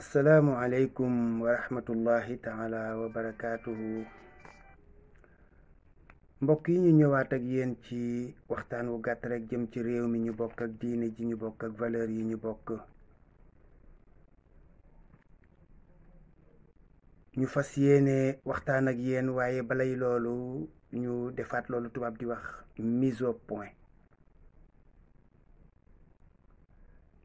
asalaamualeykum wa rahmatullahi taala wa mbokk yi ñu ñëwaat ak yéen ci waxtaan wu gàtt rek jëm ci réew mi ñu bokk ak diine ji ñu bokk ak valeur yi ñu bokk ñu fas yéene waxtaan ak yéen waaye balay loolu ñu defaat loolu tubaab di wax mise point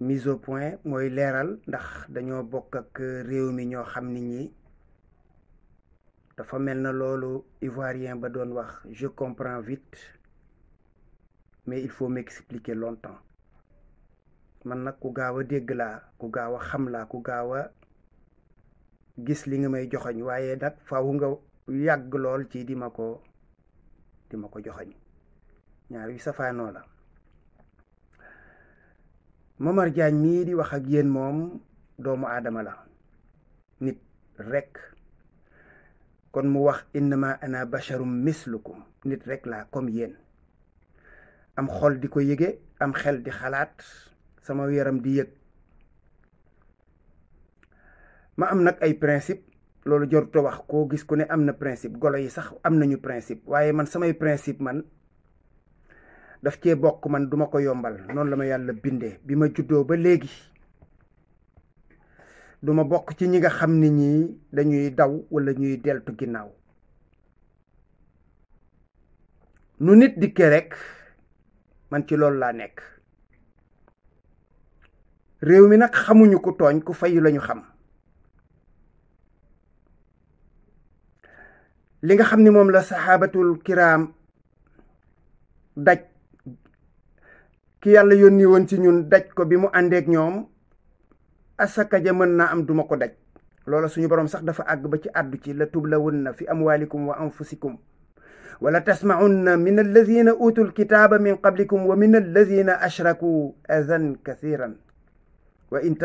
mise au point mooy leeral ndax dañoo bokk ak réew mi ñoo xam ni ñi dafa mel na loolu ivoirien ba doon wax je comprends vite mais il faut m'expliquer longtemps man nag ku gaaw a dégg laa ku gaaw a xam laa ku gaaw a gis li nga may joxoñ waaye nag faaw nga yàgg lool ci di ma ko di ma ko joxoñ ñaar yu safaanoo la Momar Diagne mii di wax ak yéen moom doomu aadama la nit rekk kon mu wax innama ana basharum mislukum nit rek laa comme yéen am xol di ko yége am xel di xalaat sama yaram di yëg ma am nag ay principe loolu jorut a wax koo gis ku ne am na principe golo yi sax am nañu principe waaye man samay principe man def cee bokk man duma ko yombal noonu la ma yàlla bindee bi ma juddoo ba léegi duma bokk ci ñi nga xam ni ñii dañuy daw walla ñuy deltu ginnaaw nu nit dikkee rek man ci loolu laa nekk réew mi nag xamuñu ku tooñ ku fayu lañu xam li nga xam ni moom la saxaabatul kiraam daj ki yàlla yónni woon ci ñun daj ko bi mu àndeek ñoom asaka ja mën naa am duma ko daj loola suñu borom sax dafa àgg ba ci àddu ci la tublawunna fi amwalikum wa anfusikum wala tasmaunna min alladina utul kitaaba min qablikum wa min alladina ashraku azan kathiran wa in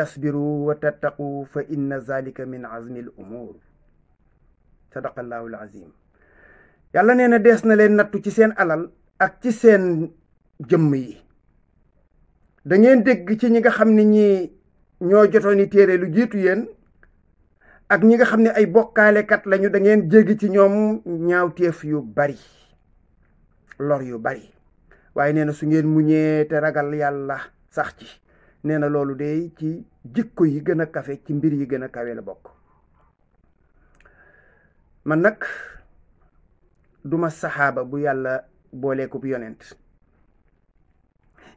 na dees na leen nattu ci seen alal ak ci seen jëmm yi da ngeen dégg ci ñi nga xam ne ñi ñoo jotooni téere lu jiitu yéen ak ñi nga xam ne ay bokkaalekat lañu dangeen ngeen ci ñoom ñaaw ñaawteef yu bari lor yu bari waaye nee na su ngeen mu muñee te ragal yàlla sax ci nee na loolu de ci jikko yi gën a kafe ci mbir yi gën a kawe la bokk man nag duma saxaaba bu yàlla booleekub yonent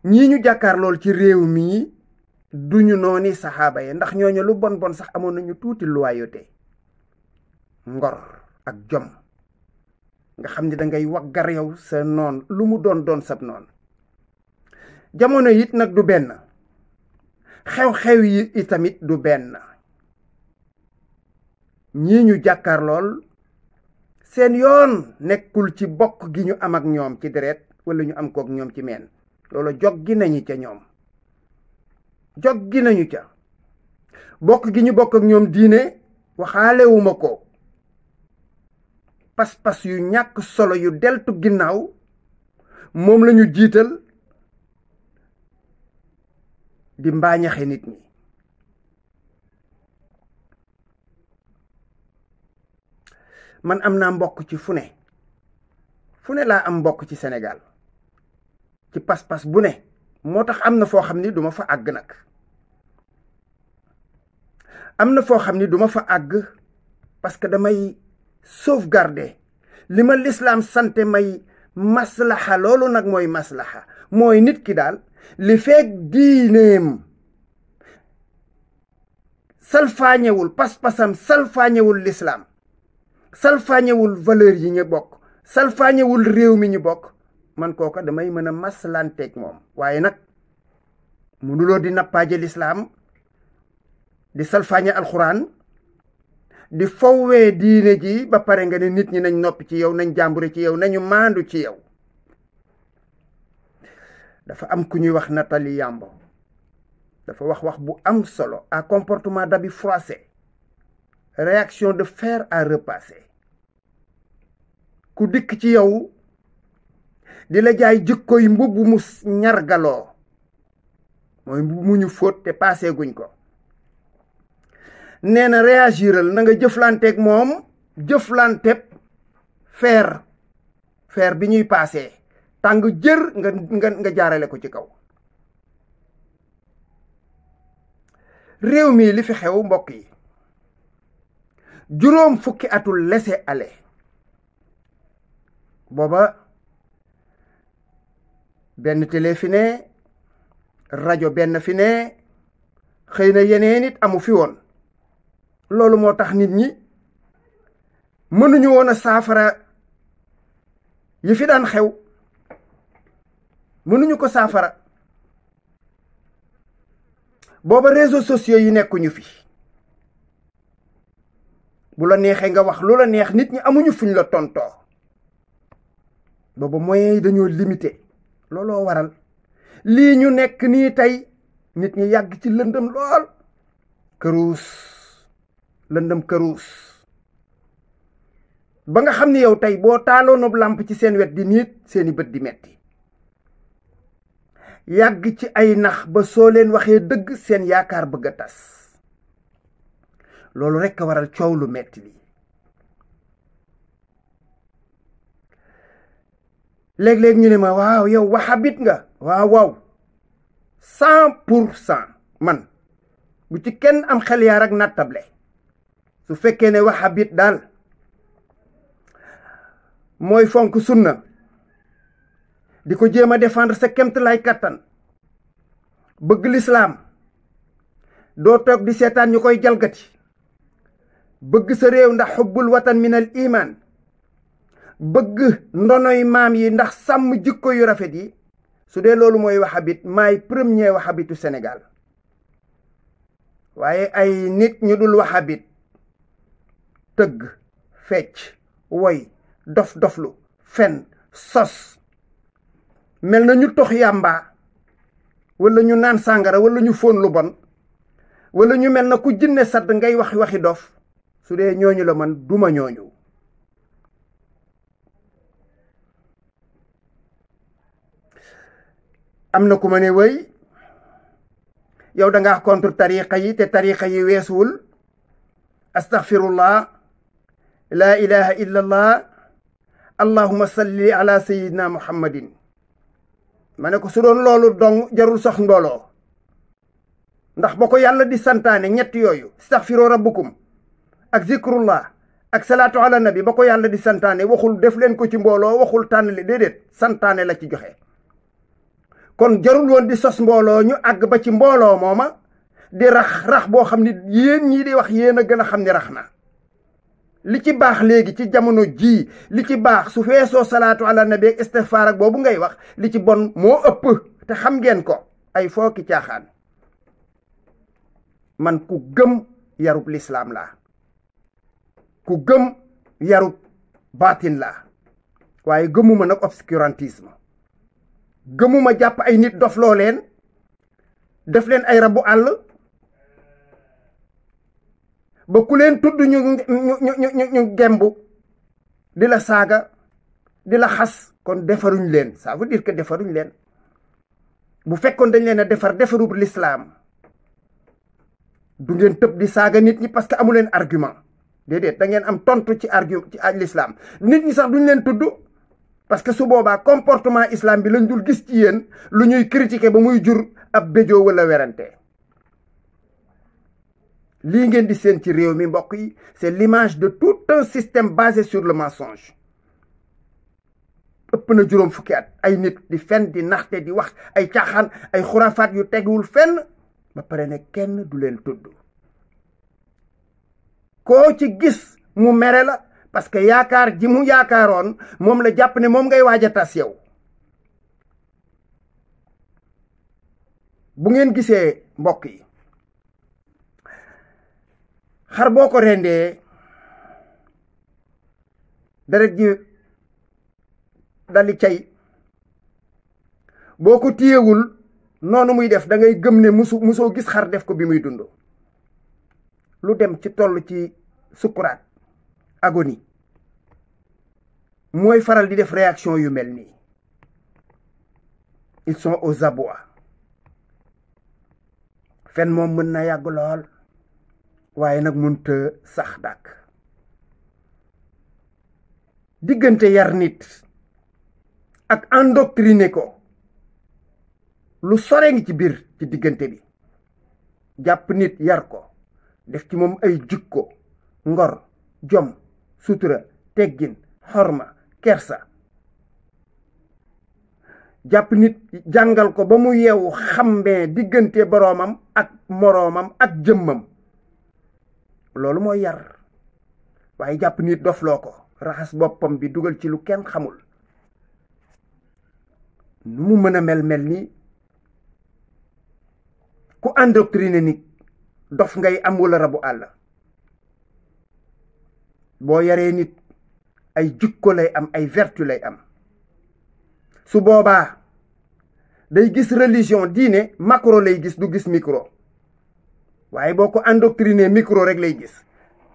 ñii ñu jàkkaar lool ci réew mii duñu nooni saxaaba yi ndax ñooñu lu bon bon sax amoon nañu tuuti loyauté ngor ak jom nga xam ni dangay waggar yow sa noon lu mu doon doon sab noon jamono it nag du benn xew-xew yi itamit du benn ñii ñu jàkkaar lool seen yoon nekkul ci bokk gi ñu am ak ñoom ci deret wala ñu am kook ñoom ci meen loolo jog gi nañu ca ñoom jog gi nañu ca bokk gi ñu bokk ak ñoom diine waxaalewuma ko pas-pas yu ñàkk solo yu deltu ginnaaw moom lañu jiital di mbaañaxe nit ñi man am naa mbokk ci fune ne laa am mbokk ci senegaal ci pas bu ne moo tax am na foo xam ni duma fa àgg nag am na foo xam ni duma fa àgg parce que damay sauvegarder li ma lislaam sante may maslaxa loolu nag mooy maslaxa mooy nit ki daal li feek diineem salfaañewul pas-pasam salfaañewul lislaam salfaañewul valeur yi ñu bokk salfaañewul réew mi ñu bokk man kooka damay mën a maslanteeg moom waaye nag mënuloo di nappaaje lislaam di salfaañe alxuraan di fowwee diine ji ba pare nga ne nit ñi nañ noppi ci yow nañ jàmbure ci yow nañu maandu ci yow dafa am ku ñuy wax Nathalie Yambo dafa wax wax bu am solo à comportement d'habit froissé réaction de fer à repasser ku dikk ci yow di la jaay jikkoy mbubb mu ñargaloo mooy mbubb mu ñu fóot te paasee guñ ko nee na réagiral na nga jëflanteeg moom jëflanteb feer feer bi ñuy paasee tàng jër nga jaarale ko ci kaw réew mi li fi xew mbokk yi juróom fukki atul lese ale booba benn télé fi rajo benn fi ne xëy na yeneen it amu fi woon loolu moo tax nit ñi mënuñu woon a saafara yi fi daan xew mënuñu ko saafara booba réseaux sociaux yi nekkuñu fi bu neexee nga wax lu la neex nit ñi amuñu fuñ la tontoo booba moyens yi dañoo limité looloo waral lii ñu nekk nii tey nit ñi yàgg ci lëndëm lool këruus lëndëm këruus ba nga xam ni yow tey boo taaloonu làmp ci seen wet di niit seeni bët di metti yàgg ci ay nax ba soo leen waxee dëgg seen yaakaar bëgg a tas loolu rekk a waral coow lu metti li léeg-léeg ñu ne ma waaw yow waxabit nga waaw waaw cent pour cent man bu ci kenn am xel yaar ak nattable su fekkee ne wahabit daal mooy fonk sunna di ko jéem a défendre sa kemt lay kattan bëgg lislaam doo toog di seetaan ñu koy jalgati bëgg sa réew ndax xubbul watan min al iman bëgg ndonoy maam yi ndax sàmm jikko yu rafet yi su dee loolu mooy waxabit maay premier waxabitu senegal waaye ay nit ñu dul waxabit tëgg fecc woy dof doflu fen sos mel na ñu tox yàmbaa wala ñu naan sàngara wala ñu fóon lu bon wala ñu mel na ku jinne sadd ngay waxi waxi dof su dee ñooñu la man duma ñooñu am na ku ma ne wéy yow da ngaa contre tariqa yi te tariqa yi weesuwul astaghfirullah laa ilaha illa allah allahuma salli ala sayidina muhammadin ma ne ko su loolu dong jarul sax mbooloo ndax ba ko yàlla di santaane ñetti yooyu astaghfiru rabbukum ak zikrullah ak salaatu ala nabi ba ko yàlla di santaane waxul def leen ko ci mbooloo waxul tànn le déedéet santaane la ci joxe kon jarul woon di sos mbooloo ñu àgg ba ci mbooloo mooma di rax rax boo xam ni yéen ñii di wax yéen a gën a xam ni rax na li ci baax léegi ci jamono jii li ci baax su feesoo salaatu ala nabi ak istighfaar ak boobu ngay wax li ci bon moo ëpp te xam ngeen ko ay fooki caaxaan man ku gëm yarub lislaam la ku gëm yarub baatin la waaye gëmuma na obscurantisme gëmuma jàpp ay nit dof loo leen def leen ay rabu àll ba ku leen tudd ñu ñu ñu ñu gemb di la saaga di la xas kon defaruñ leen ça veut dire defaruñ leen bu fekkoon dañ leen a defar defarub lislaam du ngeen tëb di saaga nit ñi parce que amu leen argument déedéet da ngeen am tontu ci argument ci lislaam nit ñi sax duñ leen tudd parce que su boobaa comportement islam bi lañ dul gis ci yéen lu ñuy critiquer ba muy jur ab béjoo wala werante lii ngeen di seen ci réew mi mbokk yi c'est l'image de tout un système basé sur le mensonge ëpp na juróom fukki at ay nit di fen di naxte di wax ay caaxaan ay xuraafaat yu teguwul fenn ba pare ne kenn du leen tudd koo ci gis mu mere la parce que yaakaar ji mu yaakaaroon moom la jàpp ne moom ngay waaj a tas yow bu ngeen gisee mbokk yi xar boo ko rendee deret ji dali cay boo ko téyewul noonu muy def da ngay gëm ne musu musoo gis xar def ko bi muy dund lu dem ci toll ci sukkuraat agoni mooy faral di def réaction yu mel nii ils sont aux abois fen moom mën na yàgg lool waaye nag mënta sax dàkk diggante yar nit ak endoctriner ko lu sore ngi ci biir ci diggante bi jàpp nit yar ko def ci moom ay jikko ngor jom sutura teggin xorma kersa jàpp nit jàngal ko ba mu yeewu xàmmee diggante boroomam ak moroomam ak jëmmam loolu mooy yar waaye jàpp nit dofloo ko raxas boppam bi dugal ci lu kenn xamul nu mu mën a mel-mel nii ku endoctriner nit dof ngay am wala rabu àll boo yaree nit ay jikko lay am ay vertu lay am su boobaa day gis religion diine macro lay gis du gis micro waaye boo ko endoctriné micro rek lay gis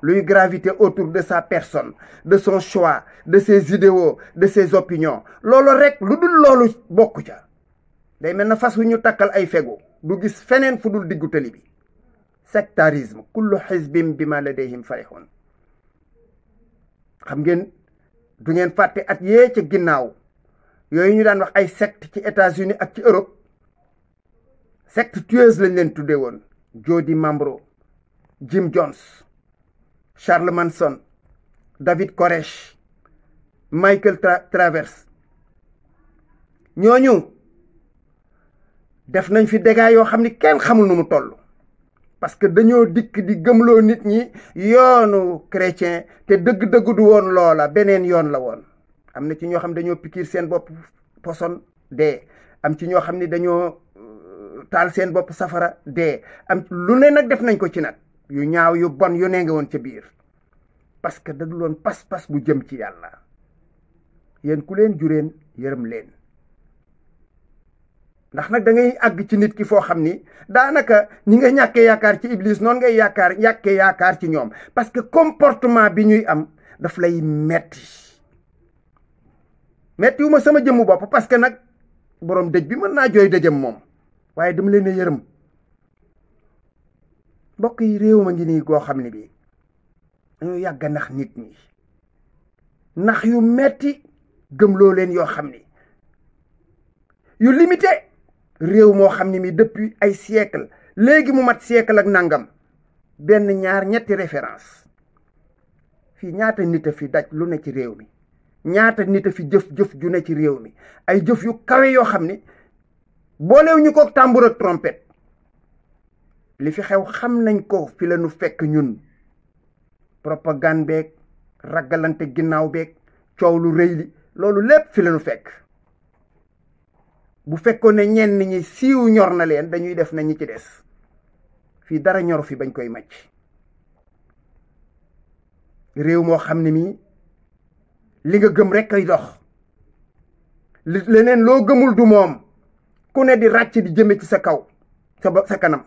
luy gravité autour de sa personne de son choix de ses idéaux de ses opinions loolu rek lu dul loolu bokk ca day mel na fas wu ñu takkal ay fegu du gis feneen fu dul diggu tali bi bi kullu xisbin bima ladayhim farihun xam ngeen du ngeen fàtte at yee ca ginnaaw yooyu ñu daan wax ay secte ci États-Unis ak ci Europe secte tueuse lañ leen tuddee woon Jody Mambro Jim Jones Charles Manson David Koresh Michael Travers ñooñu def nañ fi dégâts yoo xam ni kenn xamul nu mu toll parce que dañoo dikk di gëmloo nit ñi yoonu cretien te dëgg dëggudu woon loola beneen yoon la woon am na ci ñoo xam ne dañoo pikiir seen bopp poson dee am ci ñoo xam ne dañoo euh, taal seen bopp safara dee am lu ne nag def nañ ko ci nag yu ñaaw yu bon yu ne woon ci biir parce que da du loon pas-pas bu jëm ci yàlla yéen ku leen jureen yërëm leen ndax nag da ngay àgg ci nit ki foo xam ni daanaka ñi nga ñàkkee yaakaar ci iblis noonu nga yaakaar ñàkkee yaakaar ci ñoom parce que comportement bi ñuy am daf lay metti metti wu ma sama jëmmu bopp parce que nag borom dëj bi mën naa jooy dëjëm moom waaye dama leen a yërëm mbokk yi réew ma ngi nii goo xam ne bi dañoo yàgg a nax nit ñi nax yu metti gëmloo leen yoo xam ni yu limité réew moo xam ne mi depuis ay siècle léegi mu mat siècle ak nangam benn ñaar ñetti référence fii ñaata nit a fi daj lu ne ci réew mi ñaata nit a fi jëf-jëf ju ne ci réew mi ay jëf yu kawe yoo xam ne booleew ñu ko tambour ak trompette li fi xew xam nañ ko fi la ñu fekk ñun propagande beeg ragalante ginnaaw beek coow lu rëy li loolu lépp fi la ñu fekk bu fekkoon ne ñenn ñi siiw ñor na leen dañuy def nañu ci des fii dara ñor fi bañ koy màcc réew moo xam ne mii li nga gëm rekk ay dox li leneen loo gëmul du moom ku ne di ràcc di jëme ci sa kaw sa ba sa kanam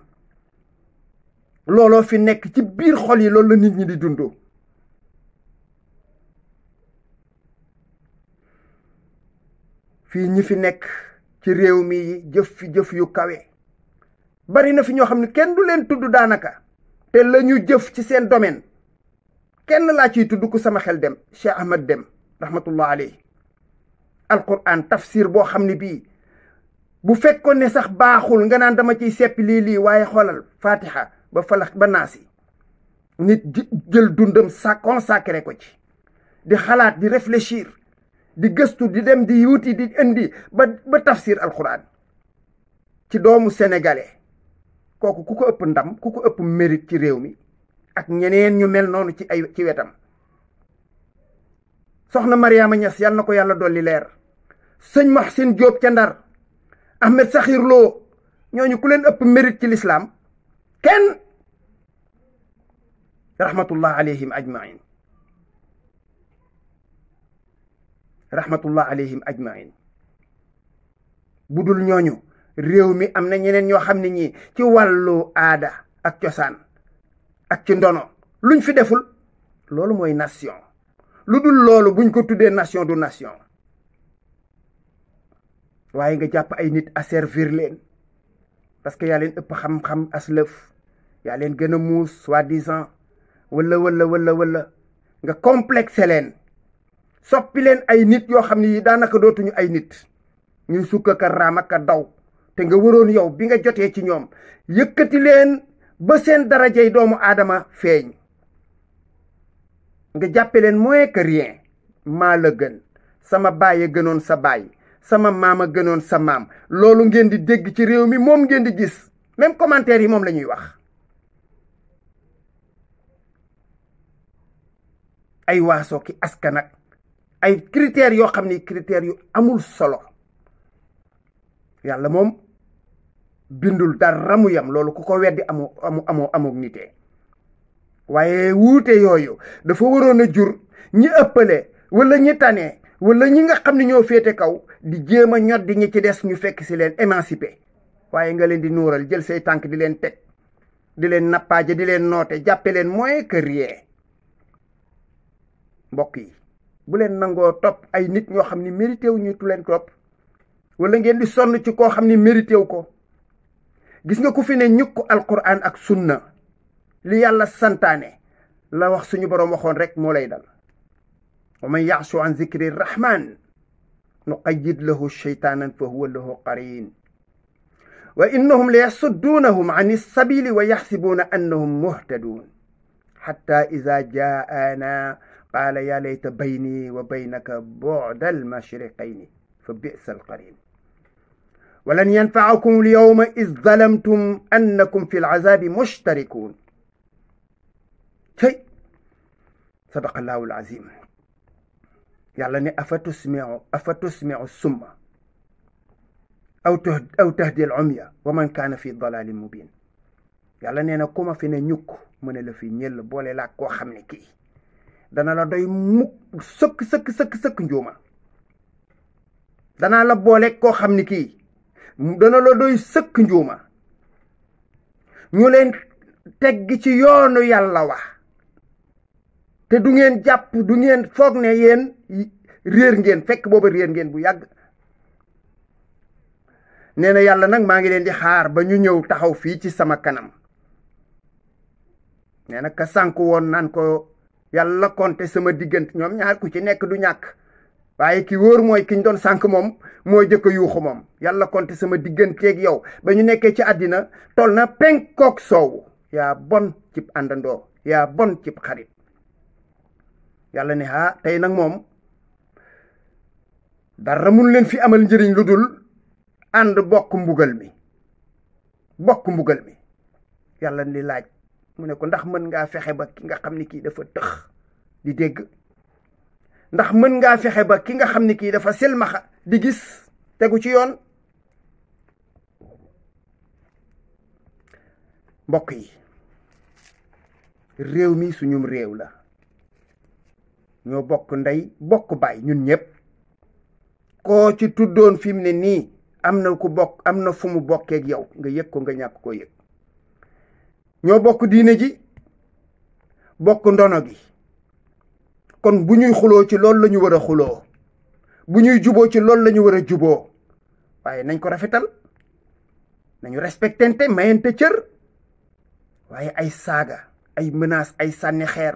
looloo fi nekk ci biir xol yi loolu la nit ñi di dundoo fii ñi fi nekk ci réew mi jëf fi jëf yu kawe bari na fi ñoo xam ne kenn du leen tudd daanaka te la ñu jëf ci seen domaine kenn laa ciy tudd ku sama xel dem Cheikh Ahmad Dem rahmatullah alayhi alquran tafsir boo xam ne bii bu fekkoon ne sax baaxul nga naan dama ciy seppi lii lii waaye xoolal fatiha ba falax ba naasi nit jël dundam sa consacré ko ci di xalaat di réfléchir di gëstu di dem di wuti di indi ba ba tafsir ci doomu sénégalais kooku ku ko ëpp ndam ku ko ëpp mérite ci réew mi ak ñeneen ñu mel noonu ci ay ci wetam soxna Mariama Niass yal na ko yàlla dolli leer sëñ Mahsin Diop ca Ndar Ahmed Sakhir Lo ñooñu ku leen ëpp mérite ci lislaam kenn rahmatullah alayhim ajmain rahmatullah alayhim ajmain bu dul ñooñu réew mi am na ñeneen ñoo xam ne ñii ci wàllu aada ak cosaan ak ci ndono luñ fi deful loolu mooy nation lu dul loolu buñ ko tuddee nation du nation waaye nga jàpp ay nit à servir leen parce que yaa leen ëpp xam-xam aslëf yaa leen gën a muus soi-disant wala wala wala wala nga complexé leen soppi leen ay nit yoo xam ne yi daanaka dootuñu ay nit ñu sukk ka raam ak daw te nga waroon yow bi nga jotee ci ñoom yëkkati leen ba seen darajey doomu aadama feeñ nga jàppe leen moins que rien maa la gën sama baay gënoon sa baay sama maam a gënoon sa maam loolu ngeen di dégg ci réew mi moom ngeen di gis même commentaire yi moom la ñuy wax ay waasoo ki askanak ay critères yoo xam ni critères yu amul solo yàlla moom bindul dara mu yam loolu ku ko weddi amu amu amoo amoog nitee waaye wuute yooyu dafa waroon a jur ñi ëppale wala ñi tane wala ñi nga xam ne ñoo féete kaw di jéem a ñot di ñi ci des ñu fekk si leen émancipé waaye nga leen di nuural jël say tànk di leen teg di leen nappaaje di leen noote jàppe leen mooy que yee mbokk yi bu leen nangoo topp ay nit ñoo xam ni mérité wu ñu tu leen topp wala ngeen di sonn ci koo xam ni mérité wu ko gis nga ku fi ne ñukk alquran ak sunna li yàlla santaane la wax suñu boroom waxoon rek moo lay dal wa man yaasu an zikri rahman nuqayyid lahu sheytaanan fa huwa lahu qarin wa innahum la yasudduunahum an ilsabili wa yaxsibuuna annahum muhtaduun xatta ida jaana qaala yaa layta bayni wa baynaka bu'da al-mashriqayni fa bi'sa al-qarin ولن ينفعكم اليوم إذ ظلمتم أنكم في العذاب مشتركون tey sadaqa llaahu al-aziim yàlla ne afa tusmiu afa tusmiu summa aw aw tahdi al-umya wa man kaana fi dalaalin mubiin yàlla nee na ku ma fi ne ñukk mën a la fi ñëll boole laa koo xam ne kii dana la doy mukk sëkk sëkk sëkk sëkk njuuma danaa la boole koo xam ni kii dana la doy sëkk njuuma ñu leen tegg ci yoonu yàlla wax te du ngeen jàpp du ngeen foog ne yéen réer ngeen fekk booba réer ngeen bu yàgg nee na yàlla nag maa ngi leen di xaar ba ñu ñëw taxaw fii ci sama kanam nee na ka sànk woon nan ko yàlla konte sama diggante ñoom ñaar ku ci nekk du ñàkk waaye ki wóor mooy ki ñu doon sànq moom mooy jëkk a moom yalla konte sama digganteeg yow ba ñu nekkee ci addina toll na penkook soowu yaa bon cib àndandoo yaa bon cib xarit yàlla ne ah tey nag moom dara mun leen fi amal njëriñ lu dul ànd bokk mbugal bokk mbugal mi yàlla ni laaj mu ne ko ndax mën ngaa fexe ba ki nga xam ni kii dafa tëx di dégg ndax mën ngaa fexe ba ki nga xam ni kii dafa silmaxa di gis tegu ci yoon mbokk yi réew mi suñum réew la ñoo bokk ndey bokk baay ñun ñëpp koo ci tuddoon fi mu ne nii am na ku bokk am na fu mu bokkeek yow nga yëg ko nga ñàkk koo yëg ñoo bokk diine ji bokk ndono gi kon bu ñuy xuloo ci loolu la ñu war a xuloo bu ñuy juboo ci loolu lañu ñu war a juboo waaye nañ ko rafetal nañu respectente mayante cër waaye ay saaga ay mënaas ay sànni xeer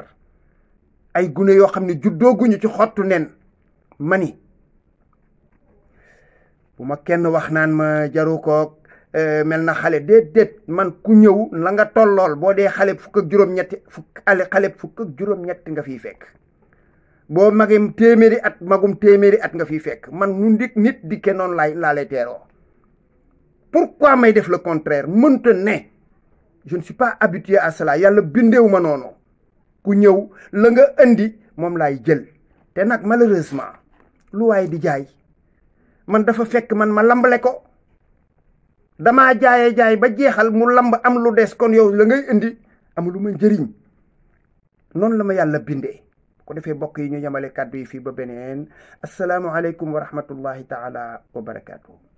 ay gune yoo xam ne juddooguñu ci xottu nen mani bu ma kenn wax naan ma jaru koog Euh, mel na xale déedéet man ku ñëw la nga tollool boo dee xale fukk ak juróom-ñetti fukk ale xale fukk ak juróom-ñetti nga fiy fekk boo magem téeméeri at magum téeméeri at nga fi fekk man nu ndik nit dikke noonu laay laa lay teeroo pourquoi may def le contraire mënta ne je ne suis pas habitué à cela yàlla bindeewu ma noonu ku ñëw la nga indi moom laay jël te nag malheureusement lu waaye di jaay man dafa fekk man ma lambale ko damaa jaaye jaay ba jeexal mu lamba am lu des kon yow la ngay indi am lu ma njëriñ noonu la ma yàlla bindee ko defee bokk yi ñu yemale kàddu yi fii ba beneen asalaamualeykum wa rahmatullahi taala wa barakaatu.